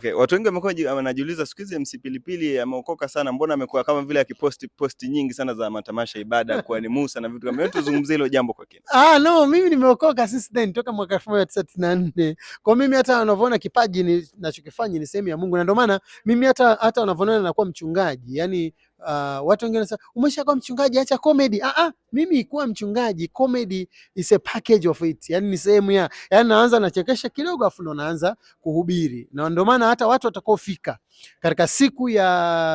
Okay, watu wengi wamekuwa wanajiuliza siku hizi MC Pilipili ameokoka sana, mbona amekuwa kama vile akiposti posti nyingi sana za matamasha ibada kwa ni Musa na vitu kama hivyo. Tuzungumzie hilo jambo kwa kina. Ah, no, mimi nimeokoka since then toka mwaka 1994. Kwa mimi hata wanavyoona kipaji ninachokifanya ni sehemu ya Mungu na ndio maana mimi hata hata wanavyoona nakuwa mchungaji. Yaani Uh, watu wengine wanasema umeshakuwa mchungaji acha comedy. Ah ah, mimi kuwa mchungaji comedy is a package of it. yani ni sehemu ya, yani, naanza nachekesha kidogo afu ndo naanza kuhubiri. Na ndio maana hata watu watakaofika katika siku ya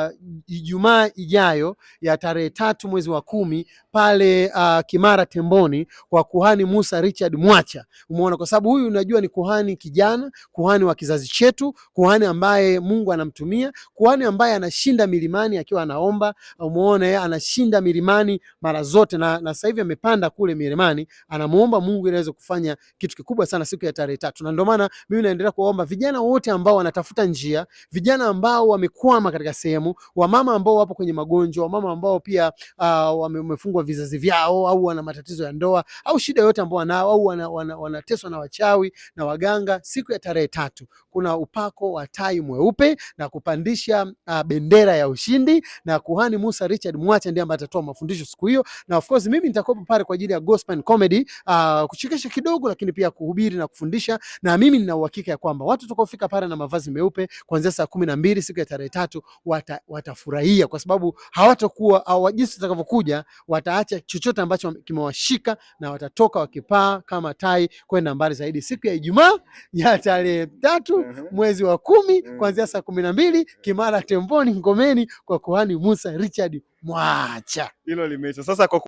Ijumaa ijayo ya tarehe tatu mwezi wa kumi pale uh, Kimara Temboni kwa kuhani Musa Richard Mwacha. Umeona, kwa sababu huyu unajua ni kuhani kijana, kuhani wa kizazi chetu, kuhani ambaye Mungu anamtumia, kuhani ambaye anashinda milimani akiwa anaomba Mtumba, umuone anashinda milimani mara zote, na, na sasa hivi amepanda kule milimani, anamuomba Mungu ili aweze kufanya kitu kikubwa sana siku ya tarehe tatu. Na ndio maana mimi naendelea kuomba vijana wote ambao wanatafuta njia, vijana ambao wamekwama katika sehemu, wamama ambao wapo kwenye magonjwa, wamama ambao pia uh, wamefungwa vizazi vyao au wana matatizo ya ndoa au shida yote ambao wanao au wanateswa wana, wana, wana na wachawi na waganga. Siku ya tarehe tatu kuna upako wa tai mweupe na kupandisha uh, bendera ya ushindi na kuhani Musa Richard Mwacha ndiye ambaye atatoa mafundisho siku hiyo, na of course mimi nitakuwa pale kwa ajili ya gospel and comedy, uh, kuchekesha kidogo, lakini pia kuhubiri na kufundisha. Na mimi nina uhakika ya kwamba watu watakaofika pale na mavazi meupe kuanzia saa kumi na mbili siku ya tarehe tatu wata, watafurahia kwa sababu hawatakuwa au jinsi watakavyokuja wataacha chochote ambacho kimewashika na watatoka wakipaa kama tai kwenda mbali zaidi siku ya Ijumaa ya tarehe tatu mhm. mwezi wa kumi mhm. kuanzia saa kumi na mbili Kimara Temboni Ngomeni kwa kuhani Musa Musa Richard Mwacha. Hilo limeisha sasa kwa